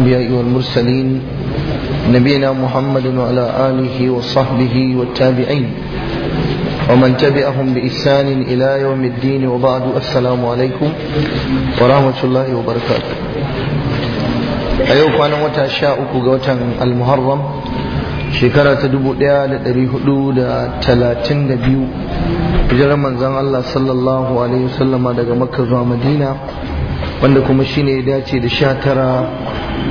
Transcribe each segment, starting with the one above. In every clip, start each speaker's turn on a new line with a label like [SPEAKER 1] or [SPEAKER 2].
[SPEAKER 1] الأنبياء والمرسلين نبينا محمد وعلى آله وصحبه والتابعين ومن تبعهم بإحسان إلى يوم الدين وبعد السلام عليكم ورحمة الله وبركاته أيوك أنا وتشاؤك قوتا المحرم shekara ta dubu ɗaya da ɗari hudu da talatin da biyu hijirar manzan Allah sallallahu alaihi wasallama daga makka zuwa madina wanda kuma shine ya dace da sha tara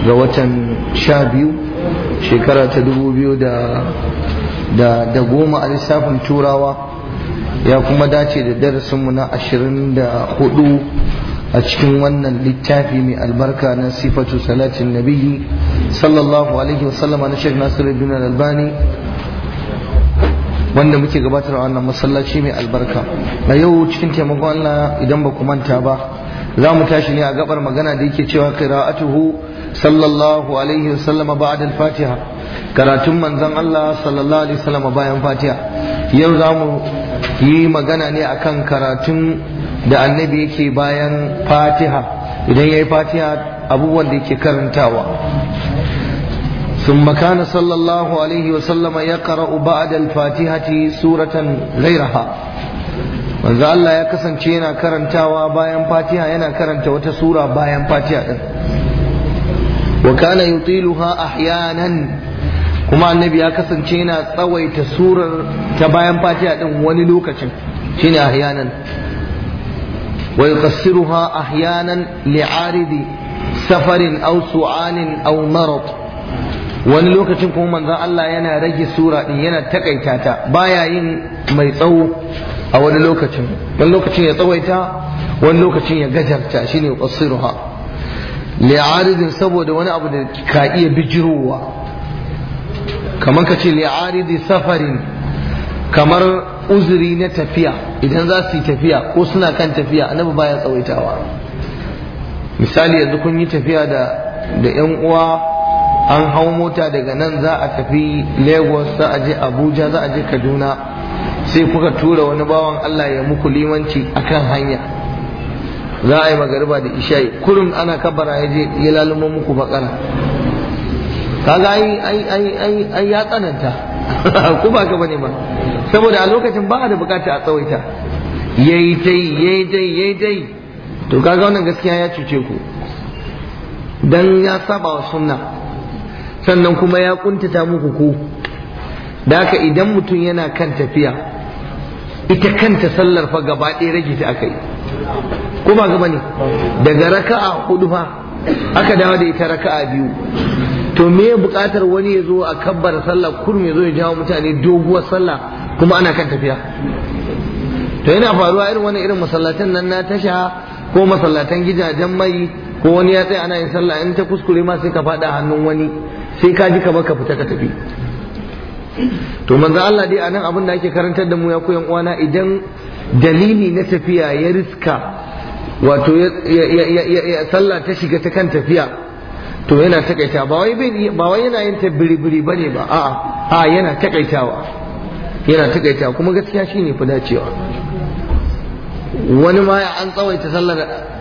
[SPEAKER 1] ga watan sha biyu shekara ta dubu biyu da goma a lissafin turawa ya kuma dace da darasinmu na ashirin da hudu a cikin wannan littafi mai albarka na sifatu salatin nabiyyi sallallahu alaihi wasallama na nasiru bin albani wanda muke gabatar a wannan masallaci mai albarka a yau cikin taimakon allah idan ba ku manta ba za mu tashi ne a gabar magana da yake cewa qira'atuhu sallallahu alaihi wasallam ba'da al-fatiha karatun manzon Allah sallallahu alaihi wasallam bayan fatiha yau za mu yi magana ne akan karatun da annabi yake bayan fatiha idan yayi fatiha abubuwan da yake karantawa ثم كان صلى الله عليه وسلم يقرأ بعد الفاتحة سورة غيرها manzo Allah ya kasance yana karantawa bayan fatiha yana karanta wata sura bayan fatiha din wa kana yutiluha ahyanan kuma annabi ya kasance yana tsawaita surar ta bayan fatiha din wani lokacin
[SPEAKER 2] shine ahyanan
[SPEAKER 1] wa yuqassiruha ahyanan li'aridi safarin aw su'anin aw marad wani lokacin kuma manzo Allah yana rage sura din yana takaita ta baya yin mai tsawo a wani lokacin wani lokacin ya tsawaita wani lokacin ya gajarta shine yuqsiruha li'aridin saboda wani abu da ka iya bijirowa kamar ka ce li'aridi safarin kamar uzuri na tafiya idan za su yi tafiya ko suna kan tafiya annabi baya tsawaitawa misali yanzu kun yi tafiya da da yan uwa an hau mota daga nan za a tafi lagos za a je abuja za a je kaduna sai kuka tura wani bawan Allah ya muku limanci akan hanya za a yi magariba da isha'i kurum ana kabara ya je ya lalumo muku bakara kaga ai ai ai ai ya tsananta ku ba ka bane ba saboda a lokacin ba da bukata a tsawaita yayi yi yayi tai yayi dai. to kaga wannan gaskiya ya cuce ku dan ya saba wa sunna sannan kuma ya kuntata muku ku da haka idan mutum yana kan tafiya ita kanta sallar fa gaba ɗaya rage ta aka yi ko ba gaba ne daga raka'a hudu fa aka dawo da ita raka'a biyu to me buƙatar wani ya zo a kabbar sallah kurum ya zo ya jawo mutane doguwar sallah kuma ana kan tafiya to yana faruwa irin wani irin masallatan nan na tasha ko masallatan gidajen mai ko wani ya tsaya ana yin sallah in ta kuskure ma sai ka faɗa hannun wani sai ka ji kamar ka fita ka tafi to manzo Allah dai anan abin da ake karantar da mu ya koyan uwana idan dalili na tafiya ya riska wato ya sallah ta shiga ta kan tafiya to yana takaita ba wai ba wai yana yin ta biribiri bane ba a'a a yana takaitawa yana takaitawa kuma gaskiya shine fi dacewa wani ma an tsawaita sallar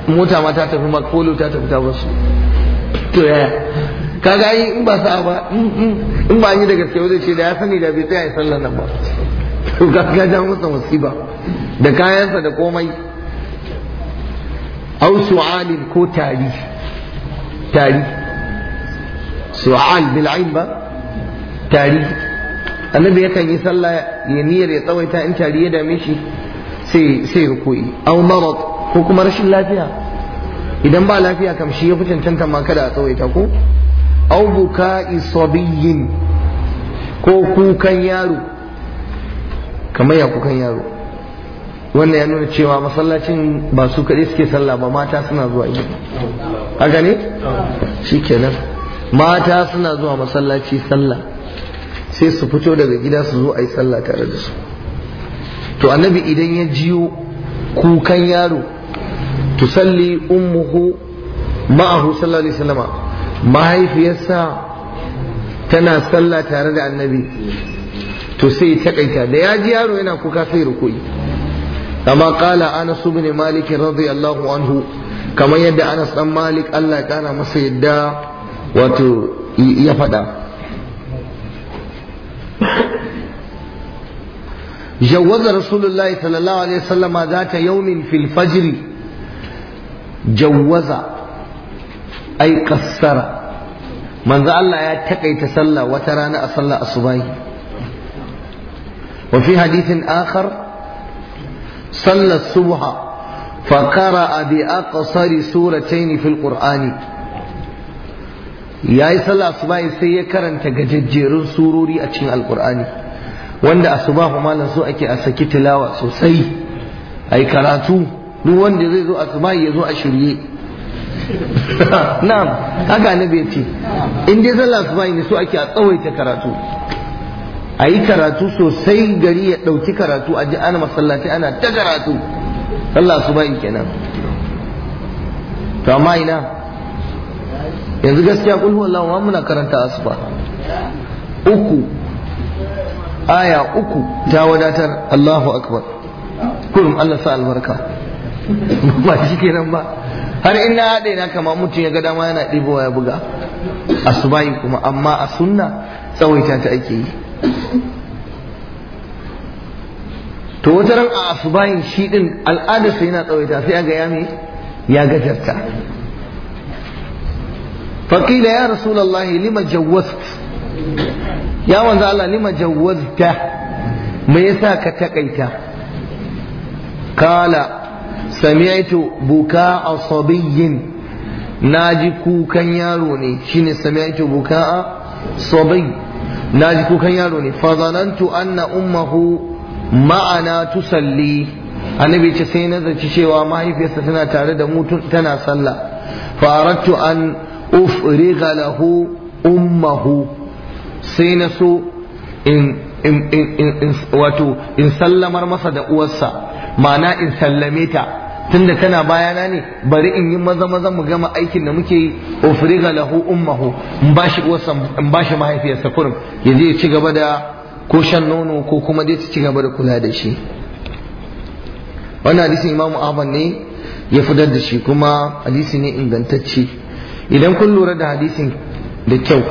[SPEAKER 1] mota ma ta tafi makolu ta tafi ta wasu to yaya kaga yi in ba sa ba mm, mm, in ba yi da gaske wajen ce da ya sani da bai tsaya ya sallar nan ba to kaga ja masa musiba da kayansa da komai au su'alin ko tari tari su'al bil ain ba tari annabi yakan yi sallah ya niyyar ya tsawaita in tari ya dame shi sai sai ya koyi au marad ko kuma rashin lafiya idan ba lafiya kam shi ya fi cancanta ma kada a tsawaita ko aw buka'i sabiyyin ko kukan yaro kamar ya kukan yaro wannan ya nuna cewa masallacin ba su kaɗai suke sallah ba mata suna zuwa yi haka ne shikenan mata suna zuwa masallaci sallah sai su fito daga gida su zo a yi sallah tare da su to annabi idan ya jiyo kukan yaro tusalli ummuhu ma'ahu sallallahu alaihi wasallama mahaifiyarsa tana sallah tare da annabi to sai ta kaita da ya ji yaro yana kuka sai rukuyi amma kala anas ibn malik radiyallahu anhu kamar yadda anas dan malik Allah ya masa yadda wato ya faɗa جوز رسول الله صلى الله عليه وسلم ذات يوم في الفجر جوز ai qassara manzo Allah ya takaita sallah wata rana a sallah asubahi wa fi hadithin akhar sallar subha فقرأ بأقصر سورتين في القرآن ya yi sallah asubahi sai ya karanta gajejjerun surori a cikin alkur'ani wanda asubahu malam su ake a saki tilawa sosai ai karatu duk wanda zai zo asubahi ya zo a shirye na'am haka na bai ce in dai lasu asubahi ne su ake a tsawaita karatu a yi karatu sosai gari ya ɗauki karatu a ji ana masallaci ana ta karatu lasu asubahi kenan to amma ina yanzu gaskiya kul Allah wa muna karanta asuba uku aya uku ta wadatar Allahu akbar kurum Allah sa albarka ba shi kenan ba har ina haɗe na kama mutum ya ga dama yana ɗibowa ya buga bayi kuma amma a sunna tsawaita ta ake yi to wata ran a bayi shi ɗin al'adar al'adarsa yana tsawaita sai ga ya me ya gajarta faƙila ya rasulallah lima jawwast ya wanzu Allah lima jawwazta me yasa ka takaita kala sami'tu buka a sabiyyin na ji kukan yaro ne shine sami'tu buka a sabiy na ji kukan yaro ne fazanantu anna ce sai na zaci cewa mahaifiyarsa tana tare da mu tana sallah faratu an ufriga lahu ummahu sai na so wato in sallamar masa da uwarsa ma'ana in sallame ta tunda tana bayana ne bari in yi maza maza mu gama aikin da muke yi ufriga lahu ummuhu in bashi shi in bashi mahaifiyarsa kurum yanzu ya ci gaba da ko shan nono ko kuma dai ci gaba da kula da shi wannan hadisin imamu ahmad ne ya fitar da shi kuma hadisi ne ingantacce idan kun lura da hadisin da kyau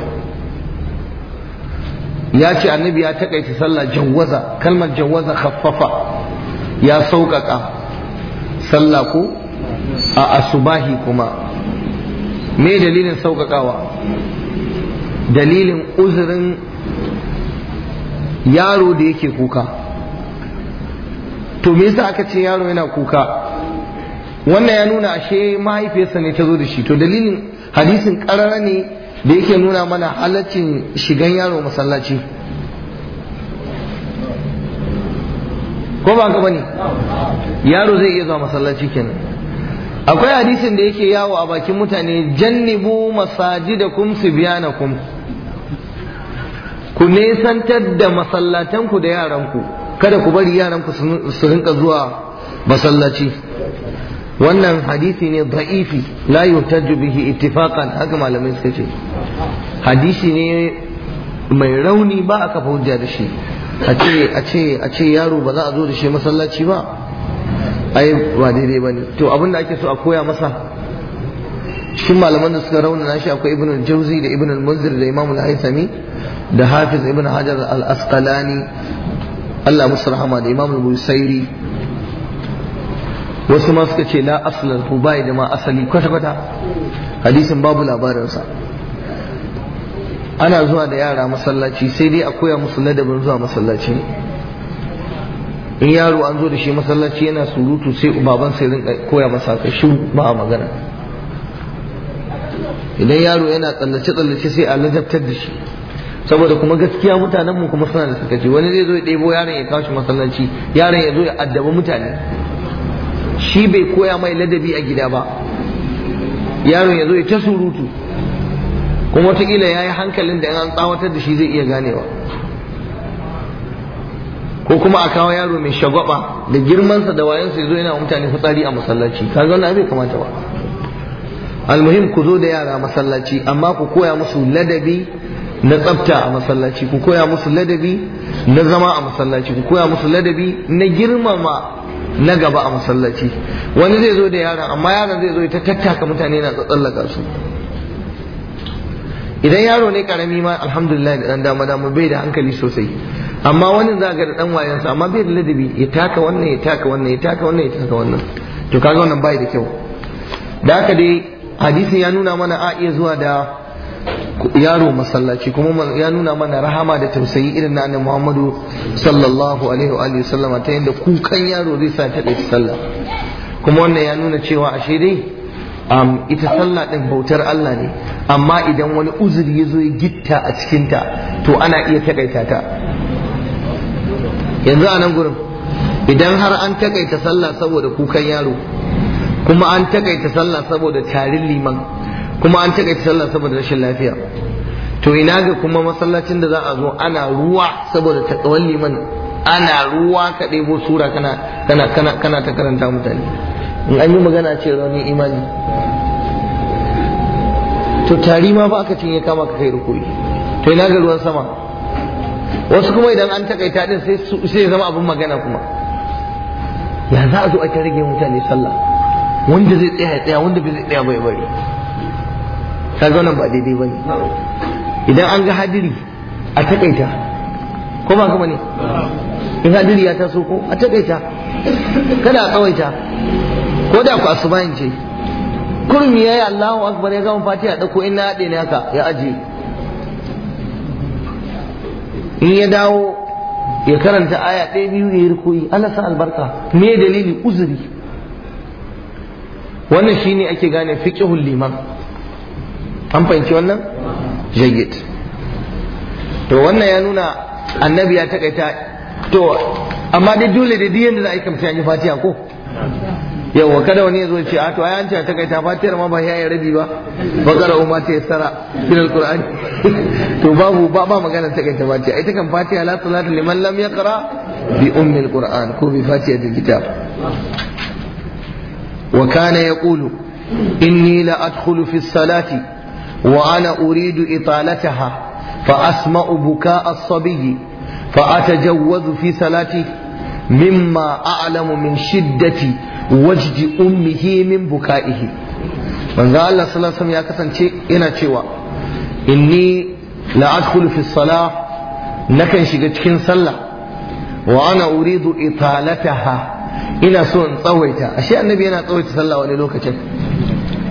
[SPEAKER 1] ya ce annabi ya takaita sallah jawwaza kalmar jawwaza khaffafa ya sauƙaƙa sallah ko a asubahi kuma me dalilin sauƙaƙawa dalilin uzurin yaro da yake kuka to me yasa aka ce yaro yana kuka wannan ya nuna ashe mahaifiyarsa ne ta zo da shi to dalilin hadisin ƙarara ne da yake nuna mana halaccin shigan yaro masallaci ko ba ka bane yaro zai iya zuwa masallaci kenan akwai hadisin da yake yawo a bakin mutane jannibu masajidakum sibyanakum ku nesantar da masallatanku da yaran ku kada ku bari yaran ku su rinka zuwa masallaci wannan hadisi ne da'ifi la yuhtaju bihi ittifaqan haka malamai suka ce hadisi ne mai rauni ba a kafa da shi a ce yaro ba za a zo da shi masallaci ba ai ba daidai ba ne to abinda ake so a koya masa cikin malaman da suka raunana shi akwai ibn al jauzi da ibn al-munzir da imam al-haythami da hafiz ibn hajar al-asqalani Allah musu rahama da imam al-busairi wasu ma suka ce la aslan bai da ma asali kwata-kwata hadisin babu labarinsa ana zuwa da yara masallaci sai dai a koya musu ladabin zuwa masallaci in yaro an zo da shi masallaci yana surutu sai baban sai rinka koya masa ka shi ba a magana idan yaro yana tsallace tsallace sai a ladabtar da shi saboda kuma gaskiya mutanen mu kuma suna da sakaci wani zai zo ya ɗebo yaron ya kawo shi masallaci yaron ya zo ya addaba mutane shi bai koya mai ladabi a gida ba yaron ya zo ya ta surutu kuma wataƙila ya yi hankalin da an tsawatar da shi zai iya ganewa ko kuma a kawo yaro mai shagwaba da girmansa da wayansa zo yana mutane fitsari a masallaci ka ga wannan bai kamata ba almuhim ku zo da yara masallaci amma ku koya musu ladabi na tsafta a masallaci ku koya musu ladabi na zama a masallaci ku koya musu ladabi na girmama na gaba a masallaci wani zai zo da yara amma yaran zai zo ta tattaka mutane na tsatsallaka su idan yaro ne karami ma alhamdulillah da dan dama dama bai da hankali sosai amma wani za ga dan wayan sa amma bai da ladabi ya taka wannan ya taka wannan ya taka wannan ya taka wannan to kaga wannan bai da kyau da haka dai hadisi ya nuna mana a iya zuwa da yaro masallaci kuma ya nuna mana rahama da tausayi irin na annabi Muhammadu sallallahu alaihi wa alihi sallama ta yadda kukan yaro zai sa ta dace sallah kuma wannan ya nuna cewa ashe dai ita sallah din bautar Allah ne amma idan wani uzuri ya zo ya gitta a cikinta to ana iya takaita ta yanzu a nan gurin idan har an takaita sallah saboda kukan yaro kuma an takaita sallah saboda tarin liman kuma an takaita sallah saboda rashin lafiya to ina ga kuma masallacin da za a zo ana ruwa saboda takawan liman ana ruwa ka ɗebo sura kana ta karanta mutane in an yi magana ce rauni imani to tari ma ba aka cin ya kama ka kai rukuri to ina ga ruwan sama wasu kuma idan an takaita din sai ya zama abin magana kuma ya za a zo a rage mutane sallah wanda zai tsaya ya tsaya wanda bai zai tsaya bai bari kaga wannan ba daidai bane idan an ga hadiri a takaita ko ba kuma ne in hadiri ya taso ko a takaita kada a tsawaita ko da ku asubahin ce kurmi ya yi Allahu akbar ya gama fatiha da ko ina haɗe ne haka ya aji. in ya dawo ya karanta aya ɗaya biyu ya rikoyi ana sa albarka me dalili uzuri wannan shi ne ake gane fiqhul liman an fahimci wannan jayyid to wannan ya nuna annabi ya taƙaita to amma dai dole da duk da za a yi kamta yi fatiha ko yawa kada wani zo ce a to ai an ce ta kai ta fatiyar ma ba yayi rabi ba bakara umma ta yassara min alquran to babu ba ba magana ta kai ta fatiya ai ta kan fatiya la salatu liman lam yaqra bi ummi alquran ko bi da kitab wa kana yaqulu inni la adkhulu fi salati wa ana uridu italataha fa asma'u bukaa as-sabiy fa atajawwazu fi salati mimma a'lamu min shiddati wajdi ummihi min buka'ihi manzo Allah sallallahu ya kasance yana cewa inni la adkhulu fi salah nakan shiga cikin sallah wa ana uridu italataha ina so in tsawaita ashe annabi yana tsawaita sallah wani lokacin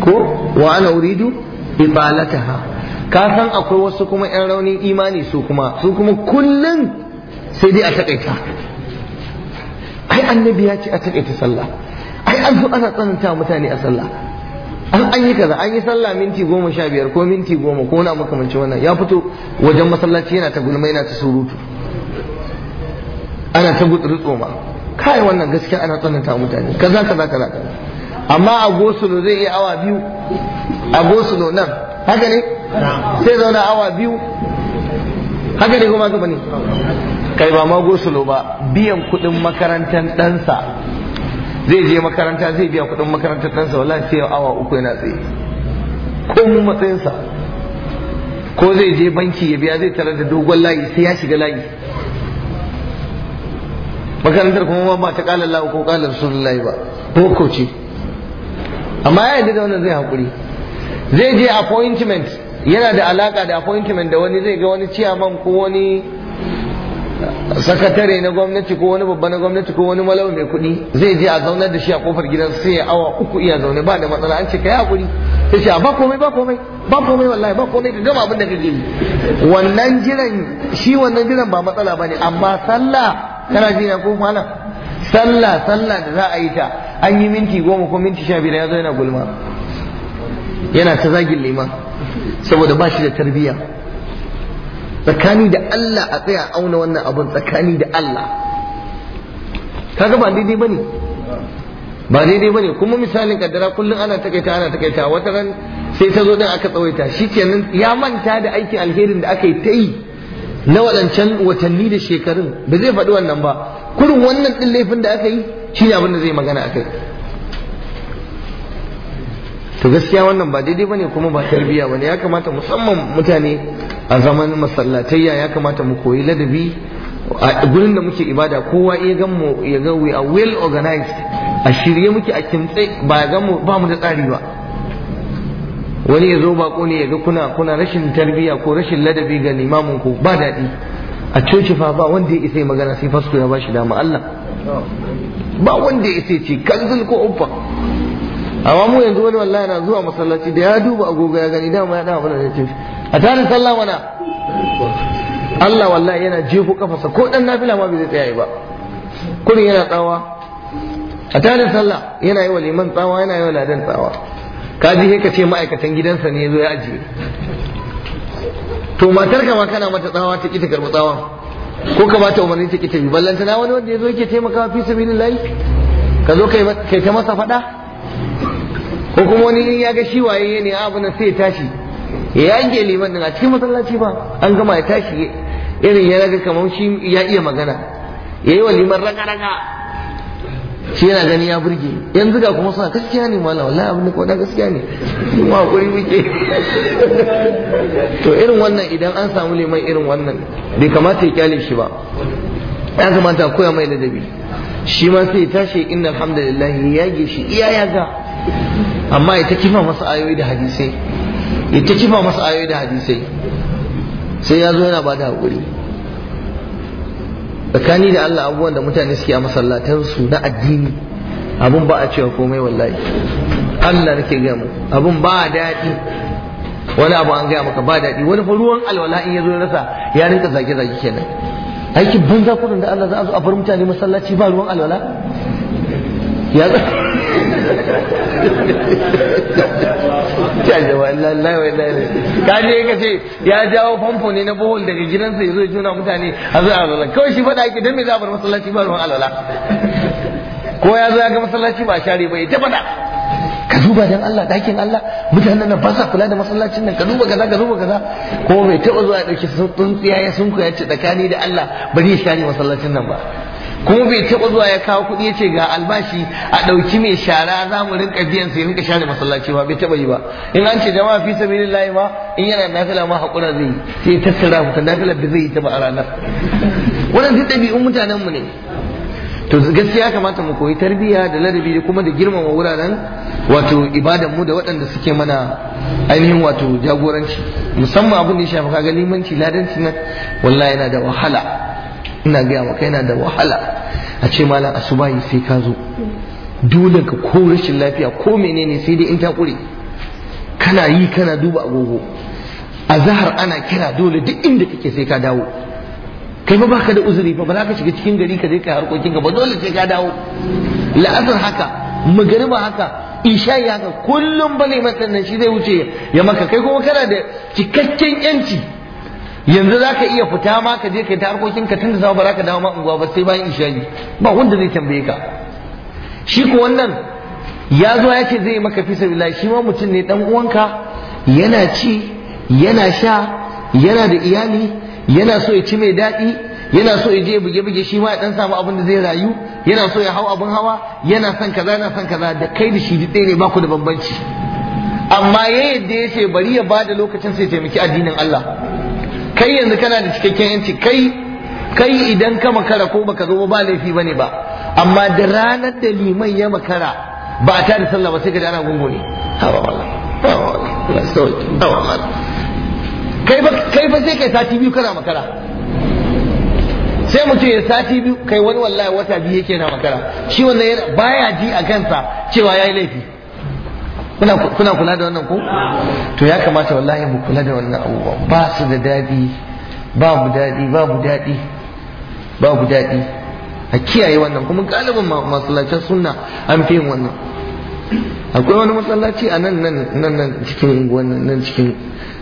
[SPEAKER 1] ko wa ana uridu italataha ka san akwai wasu kuma yan raunin imani su kuma su kuma kullun sai dai a takaita ai annabi ya ce a takaita sallah ai an zo ana tsananta mutane a sallah an an yi kaza an yi sallah minti goma sha biyar ko minti goma ko na makamancin wannan ya fito wajen masallaci yana ta gulma yana ta surutu ana ta gutsuru ma kai wannan gaskiya ana tsananta mutane kaza kaza kaza amma a gosulo zai yi awa biyu a gosulo nan haka ne sai zauna awa biyu haka ne kuma gaba ne kai ba ma gosulo ba biyan kuɗin makarantar ɗansa zai je makaranta zai biya kuɗin makarantar ɗansa wallahi sai awa uku yana tsaye ko matsayinsa ko zai je banki ya biya zai tarar da dogon layi sai ya shiga layi makarantar kuma ba ta kala lawa ko sunan layi ba boko ce amma ya yadda da wannan zai haƙuri? zai je appointment yana da alaƙa da appointment da wani zai ga wani ciyaman ko wani sakatare na gwamnati ko wani babba na gwamnati ko wani malawa mai kuɗi zai je a zaunar da shi a kofar gidan sai ya awa uku iya zaune ba da matsala an ce ka yi hakuri sai ce ba komai ba komai ba komai wallahi ba komai ka gama abin da kake yi wannan jiran shi wannan jiran ba matsala bane amma sallah kana jira ko malam sallah sallah da za a yi ta an yi minti goma ko minti sha biyar ya zo yana gulma yana ta zagin liman saboda ba shi da tarbiyya tsakani da Allah a tsaya auna wannan abun tsakani da Allah kaga ba daidai bane ba daidai bane kuma misalin kaddara kullum ana takaita ana takaita wata ran sai ta zo din aka tsawaita shikenan ya manta da aikin alherin da aka yi ta yi na waɗancan watanni da shekarun ba zai faɗi wannan ba kurin wannan ɗin laifin da aka yi shi ne abin da zai magana a kai to gaskiya wannan ba daidai bane kuma ba tarbiyya bane ya kamata musamman mutane a zamanin masallatayya ya kamata mu koyi ladabi a gurin da muke ibada kowa ya gan mu ya ga we are well organized a shirye muke a kimtse ba ga mu ba mu da tsari ba wani ya zo bako ne ya ga kuna kuna rashin tarbiyya ko rashin ladabi ga limamin ku ba daɗi a coci fa ba wanda ya isa magana sai fasto ya bashi dama Allah ba wanda ya isa ce kanzul ko uffa amma mu yanzu wani wallahi na zuwa masallaci da ya duba agogo ya gani dama ya dawo abin da ya ce a tare sallah mana Allah wallahi yana jefo kafarsa ko dan nafila ma bai tsaya ba kurin yana tsawa a tare sallah yana yi wa liman tsawa yana yi wa ladan tsawa
[SPEAKER 2] ka ji ka ce
[SPEAKER 1] ma'aikatan gidansa ne ya zo ya ajiye to matar ka ma kana mata tsawa ta ki ta tsawa? ko ka bata umarni ta ki ta bi ballantana wani wanda ya zo yake taimakawa fi sabilillahi ka zo kai ta masa faɗa ko kuma wani in ya ga shi waye ne abu na sai tashi ya yanke liman din a cikin masallaci ba an gama ya tashi irin ya raga kamar shi ya iya magana ya wa liman raga raga shi yana gani ya burge yanzu ga kuma suna gaskiya ne mala wallahi abin da gaskiya ne kuma hakuri muke to irin wannan idan an samu liman irin wannan bai kamata ya kyale shi ba ya kamata koya mai ladabi shi ma sai ya tashi inna alhamdulillah ya yage shi iya ya ga amma ita kifa masa ayoyi da hadisai ita kifa masa ayoyi da hadisai sai ya zo yana ba da haƙuri tsakani da Allah abubuwan da mutane suke a masallatansu na addini abun ba a cewa komai wallahi Allah nake gaya mu abun ba daɗi wani abu an gaya maka ba daɗi wani fa ruwan alwala in ya zo rasa ya rinka zage zage kenan aikin banza kudin da Allah za a zo a bar mutane masallaci ba ruwan alwala ya kaje wallahi wallahi kaje ka ce ya jawo famfo ne na bohol daga gidansa ya zo ya juna mutane a zo a kawai shi faɗa yake dan me za a bar masallaci ba ruwan alala ko ya zo ya ga masallaci ba share ba ya ta faɗa ka duba dan Allah ɗakin Allah mutanen nan ba kula da masallacin nan ka duba kaza ka duba kaza kuma bai taɓa zuwa ya ɗauki tsuntsiya ya sunku ya ce tsakani da Allah bari ya share masallacin nan ba kuma bai taba zuwa ya kawo kuɗi ya ce ga albashi a ɗauki mai shara za mu rinka biyan sai rinka share masallaci ba bai taɓa yi ba in an ce jama'a fi sabilillahi ma in yana nafila ma haƙura zai sai tattara mutan nafilar da zai yi ta ba a ranar wannan duk ɗabi'un mutanen mu ne to gaskiya kamata mu koyi tarbiyya da ladabi da kuma da girmama wuraren wato ibadan mu da waɗanda suke mana ainihin wato jagoranci musamman abin da ya shafi kaga limanci ladanci nan wallahi yana da wahala ina gaya maka yana da wahala a ce malam asubahi sai ka zo dole ka ko rashin lafiya ko menene sai dai in ta kure kana yi kana duba agogo a zahar ana kira dole duk inda kake sai ka dawo kai ba baka da uzuri ba ba za ka shiga cikin gari ka je kai harkokin ka ba dole sai ka dawo la'asar haka magariba haka isha ya haka kullum ba bane nan shi zai wuce ya maka kai kuma kana da cikakken yanci yanzu za ka iya fita ma ka je kai ta harkokin ka tun da sama ba za ka dawo ma unguwa ba sai bayan isha ba wanda zai tambaye ka shi ko wannan ya zo ya ce zai maka fisa billahi shi ma mutum ne dan uwanka yana ci yana sha yana da iyali yana so ya ci mai daɗi yana so ya je ya buge-buge shi ma ya dan samu abin da zai rayu yana so ya hau abin hawa yana son kaza yana son kaza da kai da shi duk ɗaya ne ba ku da bambanci amma ya yadda ya ce bari ya bada lokacin sai taimaki addinin Allah kai yanzu kana da cikakken yanci kai kai idan ka makara ko baka zo ba laifi bane ba amma da ranar da liman ya makara ba a tare sallah ba sai ka ana gungune wallahi kai ba kai ba sai kai sati biyu kana makara sai mutum ya sati biyu kai wani wallahi wata biyu yake na makara shi wannan baya ji a kansa cewa yayi laifi kuna kuna kula da wannan ko to ya kamata wallahi mu kula da wannan abubuwa ba su da dadi ba mu dadi mu dadi mu dadi a kiyaye wannan kuma galibin masu lafiyar sunna an fi yin wannan akwai wani masallaci a nan nan nan cikin nan cikin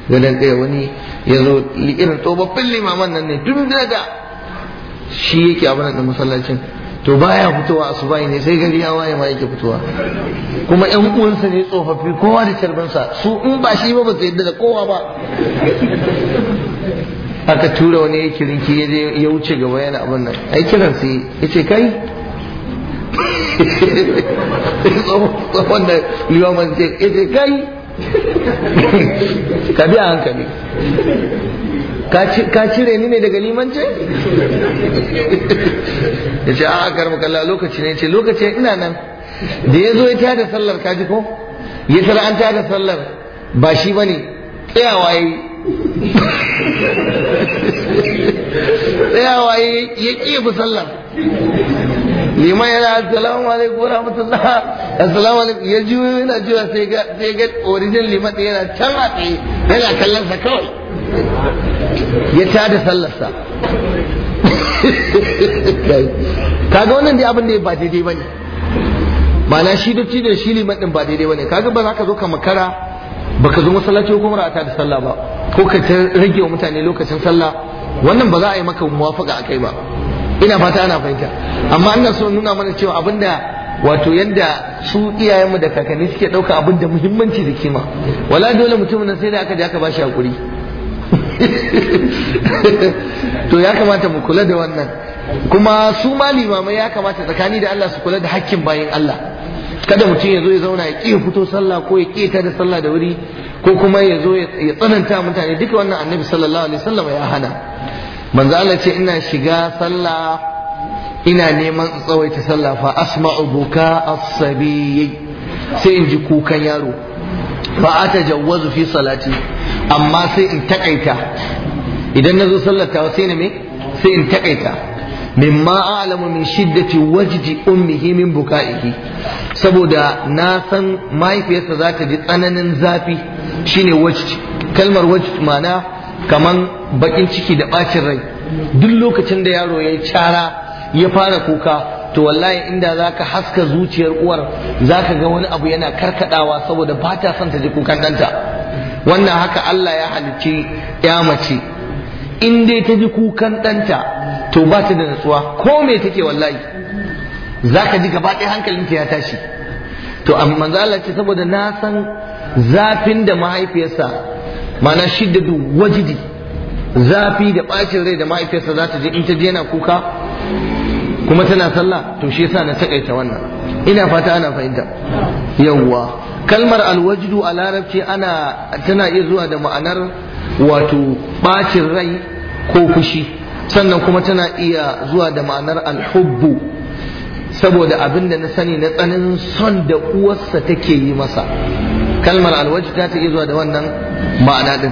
[SPEAKER 1] gadon ɗaya wani ya zo irin tsofaffin limaman nan ne tun daga shi yake abin da masallacin to baya fitowa asuba ne sai gari ya waye ma yake fitowa kuma ƴan uwansa ne tsofaffi kowa da carbinsa su in ba shi ba ba su yadda da kowa ba aka tura wani ya kirinki ya ya wuce gaba yana abin nan ai kiran sai ya ce kai tsohon da liyoman ce ita eh, kai ka biya hankali ka cire ni ne daga limance? ya ce a akar makalla lokaci ne ce lokacin ina nan da ya zo ya da sallar kaji ko ya tara an da sallar ba shi ba ne tsayawa ya yi tsayawa ya ƙi sallar liman yana assalamu alaikum wa rahmatullah assalamu alaikum ya juyo yana juya sai ga sai ga original liman ɗin yana can a tsaye yana kallon sa kawai ya tada sallarsa kaga wannan dai abin da ba daidai bane ma'ana shi datti da shi liman din ba daidai bane kaga ba za ka zo ka makara ba ka zo masallaci ko kuma ra'ata da sallah ba ko ka rage wa mutane lokacin sallah wannan ba za a yi maka muwafaqa akai ba ina fata ana fahimta amma ina so nuna mana cewa abinda wato yanda su iyayenmu da kakanni suke ɗauka abin da muhimmanci da kima wala dole mutum nan sai da aka je aka bashi hakuri to ya kamata mu kula da wannan kuma su ma limamai ya kamata tsakani da Allah su kula da hakkin bayin Allah kada mutum ya zo ya zauna ya ki fito sallah ko ya ƙi da sallah da wuri ko kuma ya zo ya tsananta mutane duka wannan annabi sallallahu alaihi wasallam ya hana manzo Allah ce ina shiga sallah ina neman tsawaita sallah fa asma'u buka as sai in ji kukan yaro fa atajawwazu fi salati amma sai in takaita idan nazo sallar ta sai ne me sai in takaita mimma a'lamu min shiddati wajdi ummihi min buka'ihi saboda na san mahaifiyarsa za ta ji tsananin zafi shine wajdi kalmar wajdi ma'ana kaman bakin ciki da bacin rai duk lokacin da yaro ya yi cara ya fara kuka to wallahi inda zaka haska zuciyar uwar zaka ga wani abu yana karkadawa saboda ba ta son ta ji kukan danta wannan haka Allah ya halicci ya mace in dai ta ji kukan danta to ba ta da natsuwa ko me take wallahi zaka ji gaba ɗaya hankalinta ya tashi to amma manzo Allah ce saboda na san zafin da mahaifiyarsa ma'ana shiddatu wajidi zafi da bacin rai da ma'aikarsa za ta je in ta je yana kuka kuma tana sallah to shi yasa na takaita wannan ina fata ana fahimta yawwa kalmar alwajidu a larabci ana tana iya zuwa da ma'anar wato bacin rai ko fushi sannan kuma tana iya zuwa da ma'anar alhubbu saboda abin da na sani na tsanin son da uwarsa take yi masa kalmar alwaji ta ce zuwa da wannan ma'ana din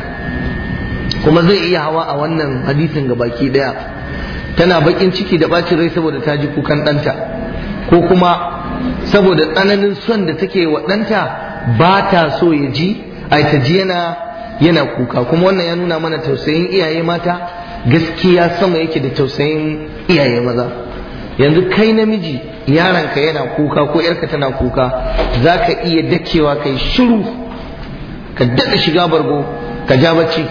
[SPEAKER 1] kuma zai iya hawa a wannan hadisin ga baki daya tana bakin ciki da bacin rai saboda ta ji kukan ɗanta ko kuma saboda tsananin son da take wa ɗanta ba ta so ya ji ai ta ji yana yana kuka kuma wannan ya nuna mana tausayin iyaye mata gaskiya sama yake da tausayin iyaye maza yanzu kai namiji yaranka yana kuka ko yarka tana kuka za ka iya dakewa kai shiru ka daɗa shiga bargo ka ja bacci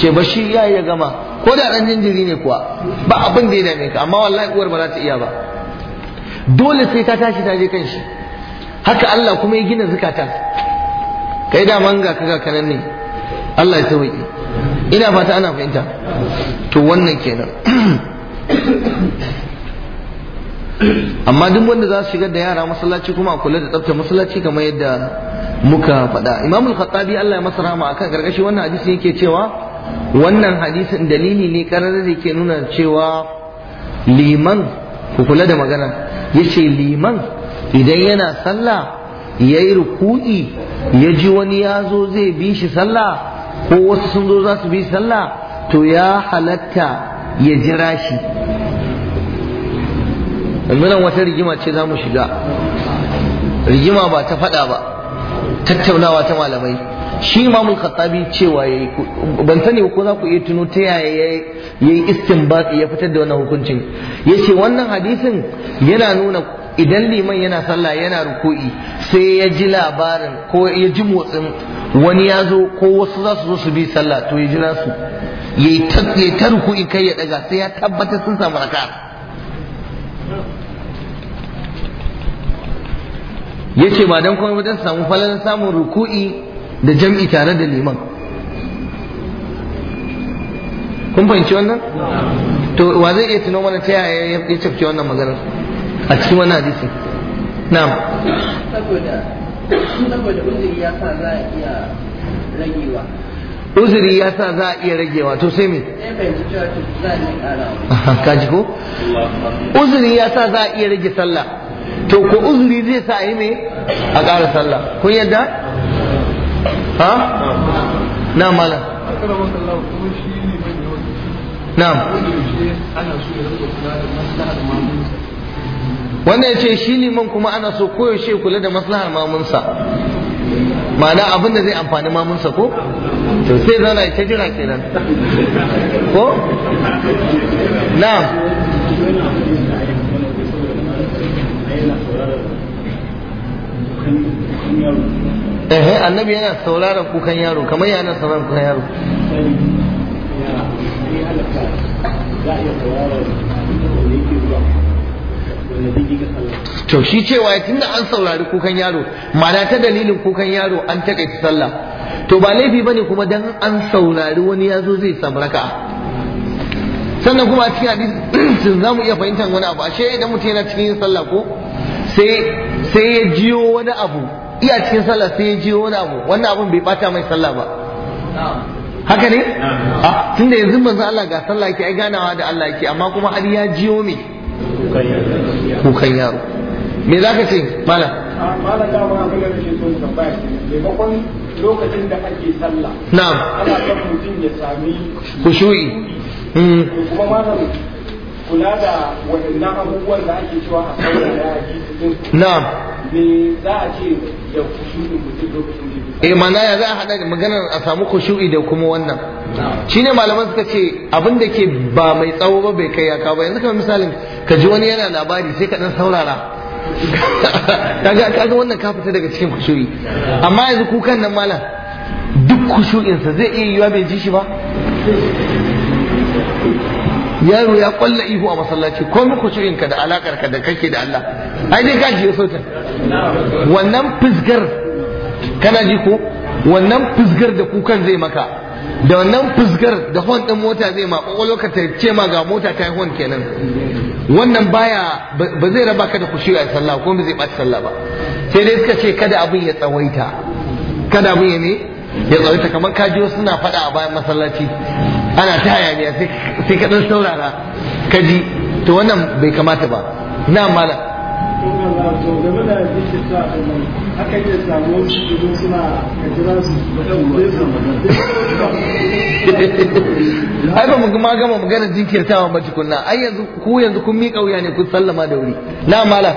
[SPEAKER 1] ce shi ya ya gama ko da ɗan jinjiri ne kuwa ba abin da ya dame ka amma wallahi uwar ba za ta iya ba dole sai ta tashi ta je kan shi haka Allah kuma ya gina zukata kai da manga kaga kanan ne Allah ya sauki ina fata ana fahimta to wannan kenan amma duk wanda za su shigar da yara masallaci kuma a kula da tsaftar masallaci kamar yadda muka faɗa imam al-khattabi Allah ya masa rahama akan gargashi wannan hadisi yake cewa wannan hadisin dalili ne karar da ke nuna cewa liman ku kula da magana yace liman idan yana sallah yayi rukuɗi ya ji wani ya zo zai bi shi sallah ko wasu sun zo za su bi sallah to ya halatta ya jira shi yanzu nan wata rigima ce za mu shiga rigima ba ta faɗa ba tattaunawa ta malamai shi imamul khattabi cewa yayi ban sani ko za ku iya tuno ta yaya yayi istinbat ya fitar da wannan hukuncin ce wannan hadisin yana nuna idan liman yana sallah yana ruku'i sai ya ji labarin ko ya ji motsin wani ya zo ko wasu za su zo su bi sallah to ya jira su yayi ta ruku'i kai ya daga sai ya tabbatar sun samu raka'a yace ba don kuma wajen samu falon samun ruku'i da jam'i tare da liman kun fahimci wannan to wa zai iya tuno mana ta yaya ya cafke wannan maganar a cikin wannan hadisi na'am
[SPEAKER 2] saboda saboda uzuri ya sa za a iya ragewa
[SPEAKER 1] uzuri ya sa za a iya ragewa to sai me eh, ko uzuri ya sa za a iya rage sallah to ko uzuri zai sa yi me a ƙara sallah kun yadda ha na mala na'am wannan ya ce shi liman kuma ana so koyaushe kula da maslahar mamunsa ma'ana abin da zai amfani mamunsa ko to sai zana ita jira kenan ko na'am ehe annabi yana sauraron kukan yaro kamar yana sauraron kukan yaro to shi cewa tunda an saurari kukan yaro ma'ana ta dalilin kukan yaro an takaita sallah to ba laifi ba ne kuma dan an saurari wani ya zo zai raka sannan kuma a cikin hadisi za mu iya fahimtar wani abu ashe idan mutum yana cikin yin sallah ko sai ya jiyo wani abu iya cikin sallah sai ya jiyo wani abu wannan abun bai bata mai sallah ba haka ne a tunda yanzu manzo Allah ga sallah yake ai ganawa da Allah yake amma kuma har ya jiyo me kukan yaro me zaka ce malam malam da
[SPEAKER 2] ba abin da shi so ka bai maimakon lokacin da ake sallah na'am ana son mutum ya sami
[SPEAKER 1] khushu'i mm.
[SPEAKER 2] kuma malam kula da waɗannan abubuwan da ake cewa a sauya da hadisi na'am me za a ce ya kushuɗi mutum lokacin da eh
[SPEAKER 1] mana ya za a haɗa da maganar a samu kushuɗi da kuma wannan shine malaman suka ce abin da ke ba mai tsawo ba bai kai yaka ba yanzu kamar misalin ka ji wani yana labari sai ka dan saurara kaga kaga wannan ka fita daga cikin kushuɗi amma yanzu kukan nan malam duk kushuɗinsa zai iya yiwa bai ji shi ba yaro ya kwalla ihu a masallaci ko muku ka da alakar ka da kake da Allah ai dai ka ji ta wannan fisgar kana ji ko wannan fisgar da kukan zai maka da wannan fisgar da hon din mota zai ma ko lokacin ce ma ga mota ta hon kenan wannan baya ba zai raba ka da kushi a sallah ko ba zai ɓaci sallah ba sai dai suka ce kada abin ya tsawaita kada abin ya ne ya tsawaita kamar kaji suna fada a bayan masallaci ana ta ne sai ka dan saurara ka ji to wannan bai kamata ba na malam ai ba mu ma gama magana jinkirtawa ba tukunna ai yanzu ku yanzu kun miƙa wuya ne ku sallama da wuri na malam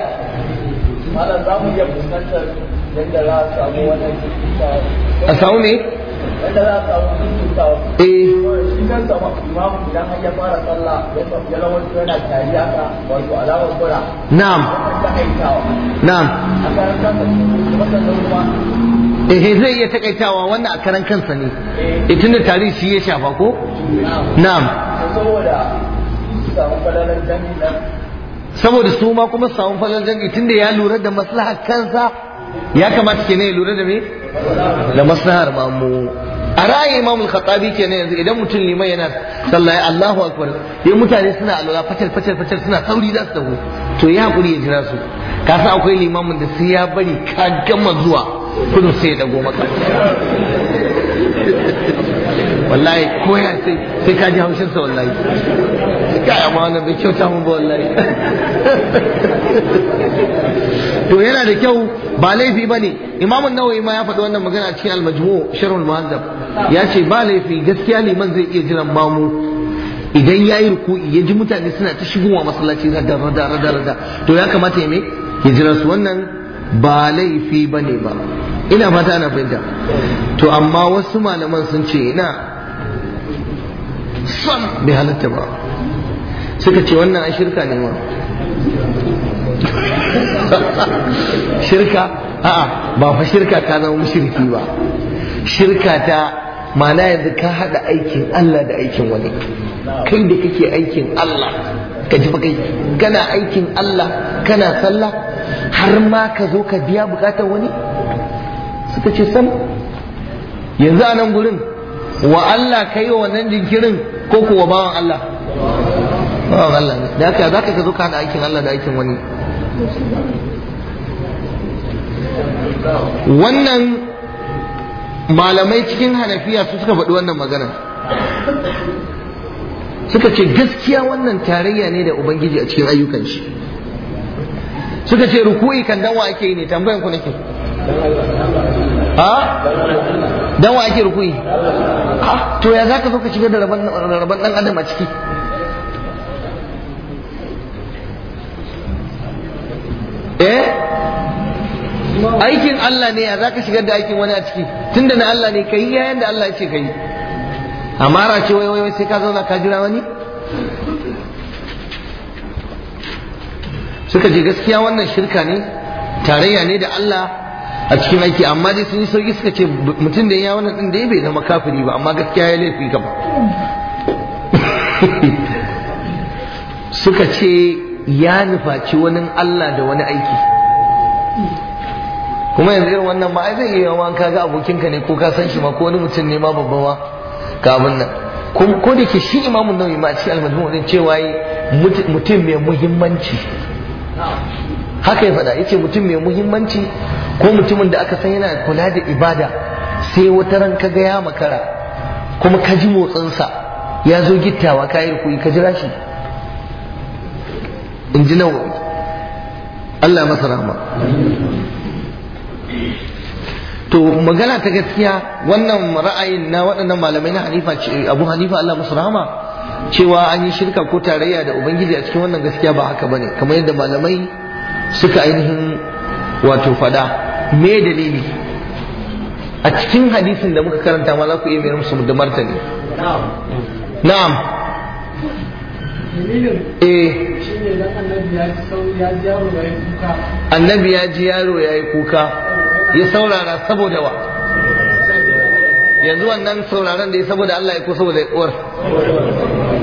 [SPEAKER 2] mala zamu iya fuskantar za a samu wannan a samu ne Eh. na'am na'am
[SPEAKER 1] Ehe zai iya takaitawa wannan a karan kansa ne E tunda tarihi shi ya shafa ko na'am saboda su ma kuma samun falalar dangi tunda ya lura da maslahar kansa
[SPEAKER 2] ya kamata ke ne
[SPEAKER 1] lura da me da maslahar mamu a ra'ayin imam al-khattabi ne yanzu idan mutum liman yana sallah Allahu akbar ya mutane suna alwala fatar fatar fatar suna sauri za su tafi to ya hakuri ya jira su ka akwai limamin da sai ya bari ka gama zuwa kudu sai ya dago maka wallahi koya sai sai ka ji haushin sa wallahi kai amma wannan bai kyauta mun ba wallahi to yana da kyau ba laifi ba ne imamun nawawi ma ya faɗi wannan magana cikin almajmu sharhul muhazzab ya ce ba laifi gaskiya liman zai iya jiran mamu idan ya yi ruku'i ya ji mutane suna ta shigowa masallaci rada rada rada rada to ya kamata ya me ya jira su wannan ba laifi ba ne ba ina fata ana fahimta to amma wasu malaman sun ce ina son bai halatta ba suka ce wannan an shirka ne ma shirka a ba fa shirka ta zama mushriki ba shirka ta mana yanzu ka hada aikin Allah da aikin wani kai da kake aikin Allah ka ji kai gana aikin Allah kana sallah har ma ka zo ka biya bukatar wani suka ce sam yanzu a gurin wa Allah ka yi wa wannan jinkirin ko kuwa bawan Allah Allah ne da haka zaka ka zo ka aikin Allah da aikin wani wannan malamai cikin hanafiya su suka faɗi wannan magana suka ce gaskiya wannan tarayya ne da ubangiji a cikin ayyukan shi suka ce ruku'i kan danwa ake yi ne tambayan ku nake ha danwa ake ruku'i to ya zaka zo ka shiga da rabon dan adam a ciki aikin Allah ne ya za shigar da aikin wani a ciki tunda na Allah ne ka yi yayin da Allah ya ce ka yi mara ce wai wai sai ka zauna ka jira wani suka ji gaskiya wannan shirka ne tarayya ne da Allah a cikin aiki amma dai sun yi sauki suka ce mutum da ya wannan din da ya bai zama kafiri ba amma gaskiya ya laifi kama. suka ce ya nufaci wani Allah da wani aiki kuma yanzu irin wannan ma ai zai iya yawan ka ga abokinka ne ko ka san shi ma ko wani mutum ne ma babba ma ka abin nan ko da ke shi imamun nawawi ma a cikin almajmu din cewa mutum mai muhimmanci haka ya faɗa yace mutum mai muhimmanci ko mutumin da aka san yana kula da ibada sai wata ran ka ga ya makara kuma ka ji motsinsa ya zo gittawa ka yi ka jira shi in ji nawawi Allah masa rahama to magana ta gaskiya wannan ra'ayin na waɗannan malamai na ce abu halifa allah musu rahama cewa an yi shirka ko tarayya da ubangiji a cikin wannan gaskiya ba haka bane kamar yadda malamai suka ainihin wato fada me dalili a cikin hadisin da muka karanta ma za ku iya mai musu da martani na'am eh annabi ya ji yaro ya yi kuka ya saurara saboda wa yanzu wannan sauraron da ya saboda Allah ya ku saboda ya uwar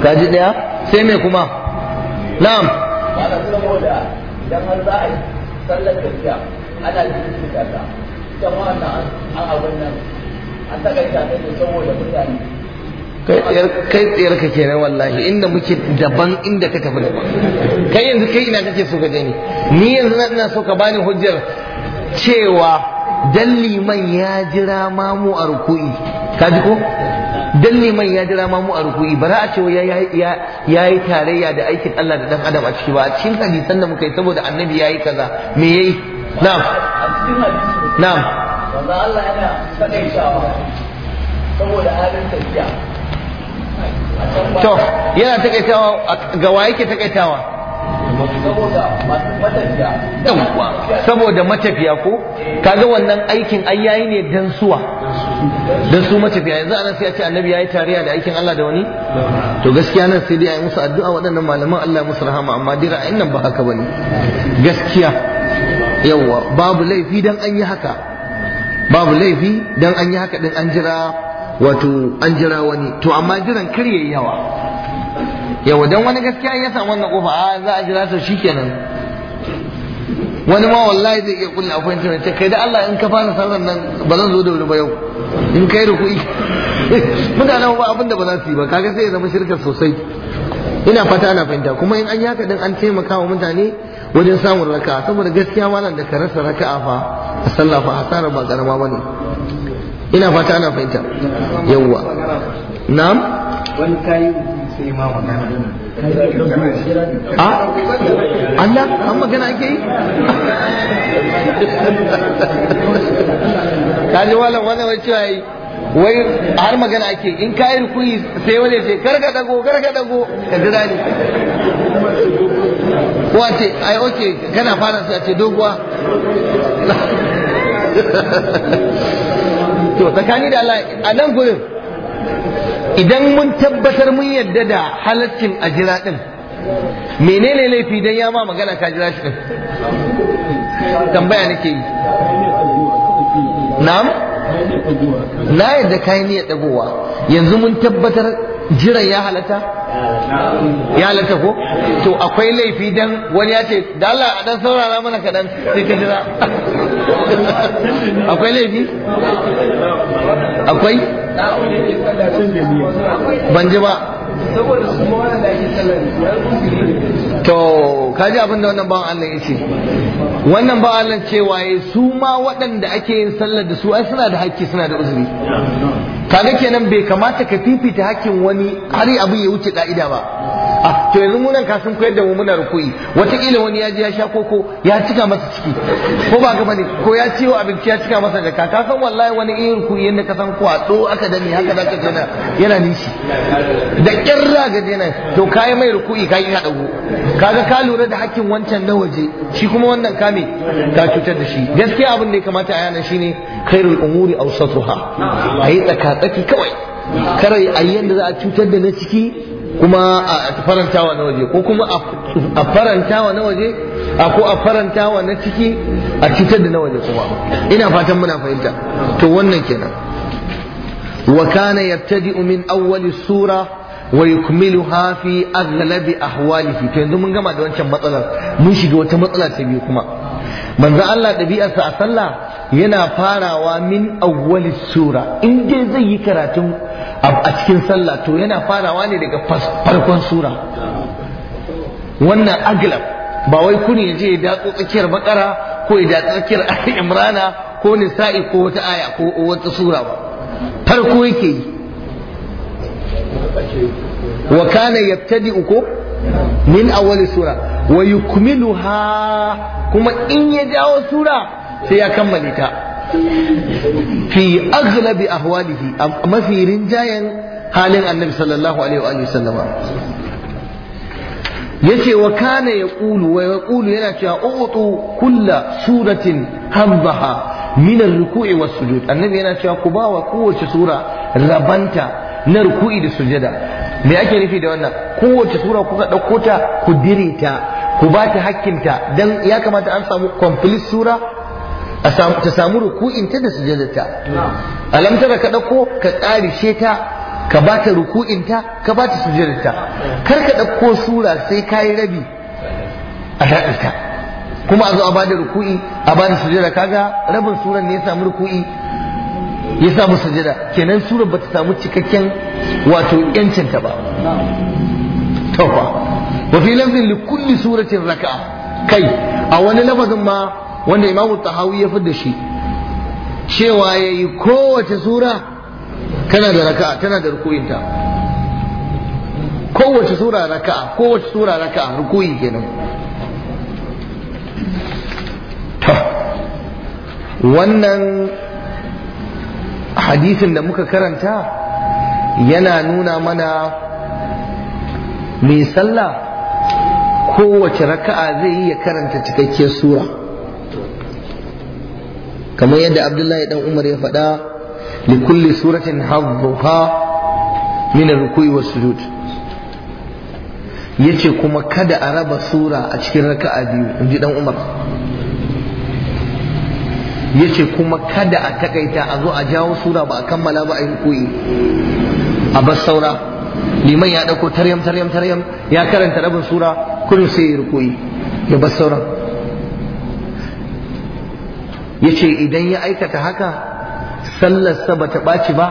[SPEAKER 1] kaji daya sai me kuma na'am
[SPEAKER 2] idan har za a yi sallar tafiya ana jikin kasa ita ma an abin nan an takaita ta ne saboda mutane
[SPEAKER 1] kai tsayar ka kenan wallahi inda muke daban inda ka tafi daban kai yanzu kai ina kake so ka gani ni yanzu na ina so ka bani hujjar cewa dan liman ya jira mamu a ruku'i ka ji ko dan liman ya jira mamu a ruku'i ba a ce ya yi tarayya da aikin Allah da dan adam a ciki ba a cikin hadisan da muka yi saboda annabi ya yi kaza me yayi na'am na'am
[SPEAKER 2] wanda Allah yana shawa saboda halin tafiya to
[SPEAKER 1] yana takaitawa ga wa yake takaitawa
[SPEAKER 2] yawwa
[SPEAKER 1] saboda matafiya ko kaga wannan aikin ai yayi ne dan suwa dan su matafiya yanzu anan sai a ce annabi yayi tariya da aikin Allah da wani to gaskiya nan sai dai ayi musu addu'a waɗannan malaman Allah musu rahama amma dira ra'ayin nan ba haka bane gaskiya yawwa babu laifi dan an yi haka babu laifi dan an yi haka din an jira wato an jira wani to amma jiran kar yawa yawa don wani gaskiya ya samu wannan kofa a za a jira ta kenan wani ma wallahi zai iya kulle akwai internet kai da Allah in ka fara sallar nan ba zan zo da wuri ba yau in kai ruku'i mutanen ba abin da ba za su yi ba kaga sai ya zama shirka sosai ina fata ana fahimta kuma in an yi haka din an taimaka wa mutane wajen samun raka'a saboda gaskiya malam da ka rasa raka'a fa a sallah fa asara ba karama bane ina fata ana fahimta yauwa. na'am wani kayi a Allah an magana ake yi ta ji wala wani wacce yi wai har magana ake in ka yi rukuni sai wani ce karka dago karka dago ka ji dadi ko a ce ai oke kana fara sai a ce doguwa to tsakani da Allah a nan gurin idan mun tabbatar mun yadda da halaccin a jira din menene laifi dan ya ma magana ka jira shi din tambaya nake yi na'am na yadda kayan niyyar dagowa yanzu mun tabbatar jiran ya halatta ya halatta ko to akwai laifi dan wani ya ce da Allah dan saurara mana kadan sai ka jira akwai laifi akwai ban ji ba to kaji abin da wannan bawan Allah ya ce wannan bawan Allah cewa ya su ma waɗanda ake yin sallar da su ai suna da hakki suna da uzuri kaga kenan bai kamata ka fifita hakkin wani har abin ya wuce ka'ida ba a ah, to yanzu munan ka sun koyar da mu muna rukuyi wataƙila wani ya je ya sha koko ya cika masa ciki ko ba ga bane ko ya ciwo abinci ya cika masa jaka ka san wallahi wani irin rukuyi yanda ka san kwatso aka dani haka da kaje na yana nishi da kirra ga dena to kai mai rukuyi kai ka dago kaga ka lura da hakkin wancan na waje shi kuma wannan kame ka cutar da shi gaskiya abin da ya kamata a yana shine khairul umuri awsatuha ayi tsaka tsaki kawai kare ayyan da za a cutar da na ciki kuma a farantawa na waje ko kuma a farantawa na waje a ko a farantawa na ciki a cutar da na waje kuma ina fatan muna fahimta to wannan kenan wa kana yabtadi'u min awwali sura wa yukmiluha fi aghlabi ahwalihi to yanzu mun gama da wancan matsalar mun shiga wata matsala ta biyu kuma manzo Allah ɗabi'arsa a sallah yana farawa min awwali sura in dai zai yi karatun a cikin sallah to yana farawa ne daga farkon sura wannan aglab ba wai kuni ya je ya datso tsakiyar bakara ko ya tsakiyar imrana ko nisa'i ko wata aya ko wata sura ba farko yake yi wa kana yabtadi ko min awwali sura wa yukmiluha kuma in ya dawo sura sai ya kammale ta fi aghlabi a mafi rinjayen halin annabi sallallahu alaihi wa sallama yace wa kana yaqulu wa yaqulu yana cewa utu kulla suratin hamzaha min ar-ruku'i was sujud annabi yana cewa ku ba wa kowace sura rabanta na ruku'i da sujada me ake nufi da wannan kowace sura kuka dauko ta ku dirita ta ku ba ta hakkinta dan ya kamata an samu complete sura ta samu ruku'in ta da sujadarta alam tara ka dauko ka karishe ta ka bata ruku'in ta ka bata sujadarta kar ka dauko sura sai kai rabi a dadarta ta kuma a zo a ba da ruku'i a ba da sujada kaga rabin suran ne ya samu ruku'i ya samu sujada kenan ba ta samu cikakken wato yancin ta ba tawfa wa fi lafzin li kulli suratin raka'a kai a wani lafazin ma wanda imamu tahawi ya fidda shi cewa ya yi kowace sura tana da raka'a tana da rukuyinta kowace sura raka'a kowace sura raka'a rukuyi kenan wannan hadisin da muka karanta yana nuna mana mai sallah kowace raka'a zai yi ya karanta cikakkiyar sura kamar yadda abdullahi dan umar ya faɗa li kulli suratin hadduha min rukui was sujud yace kuma kada a raba sura a cikin raka'a biyu inji dan umar yace kuma kada a takaita a zo a jawo sura ba a kammala ba a yi rukui a bar saura liman ya dauko taryam taryam taryam ya karanta rabin sura kullum sai ya rukui ya bar sauran yace idan ya aikata haka sallarsa bata ɓaci ba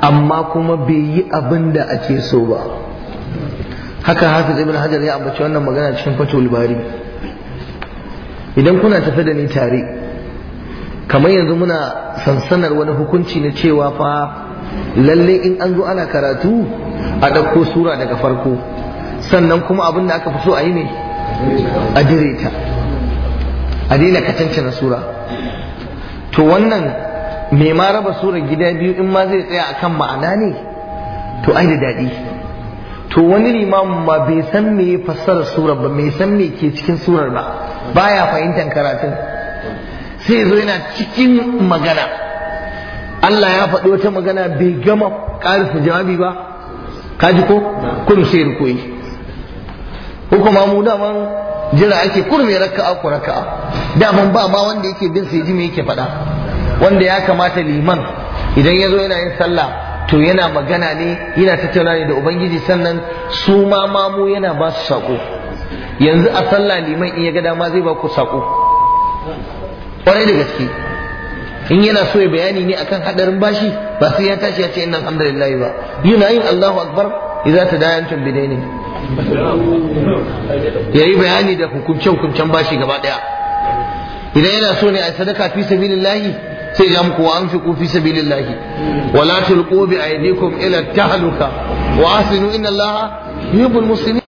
[SPEAKER 1] amma kuma bai yi abin da ake so ba haka hafiz ibn hajar ya ambaci wannan magana cikin fatul bari idan kuna tafi da ni tare kamar yanzu muna sansanar wani hukunci na cewa fa lalle in an zo ana karatu a ɗauko sura daga farko sannan kuma abin da aka fi so a yi ne a dire ta a daina katancana sura to wannan mai ma raba surar gida biyu in ma zai tsaya akan ma'ana ne to ai da daɗi to wani limamin ma bai san me ya fassara surar ba mai san me ke cikin surar ba baya fahimtar karatun sai zo yana cikin magana Allah ya faɗi wata magana bai gama ƙarfi jawabi ba kaji ko kun sai rukuyi hukuma mu daman jira ake kurme raka'a ku raka'a daman ba ma wanda yake bin sai ji me yake faɗa wanda ya kamata liman idan ya zo yana yin sallah to yana magana ne yana tattauna ne da ubangiji sannan su ma mamu yana ba su sako yanzu a sallah liman in ya ga dama zai ba ku sako kwarai da gaske in yana so ya bayani ne akan hadarin bashi ba sai ya tashi ya ce inna alhamdulillah ba yana yin Allahu akbar idza tadayantum bidaini
[SPEAKER 2] ya yi bayani da hukunce-hukuncen bashi gaba ɗaya
[SPEAKER 1] idan yana so ne a sadaka fi sabilillahi sai ya muku wa anfiqu fi sabilillahi wa tulqu bi aydikum ila tahluka wa asinu inna allaha yuhibbul muslimin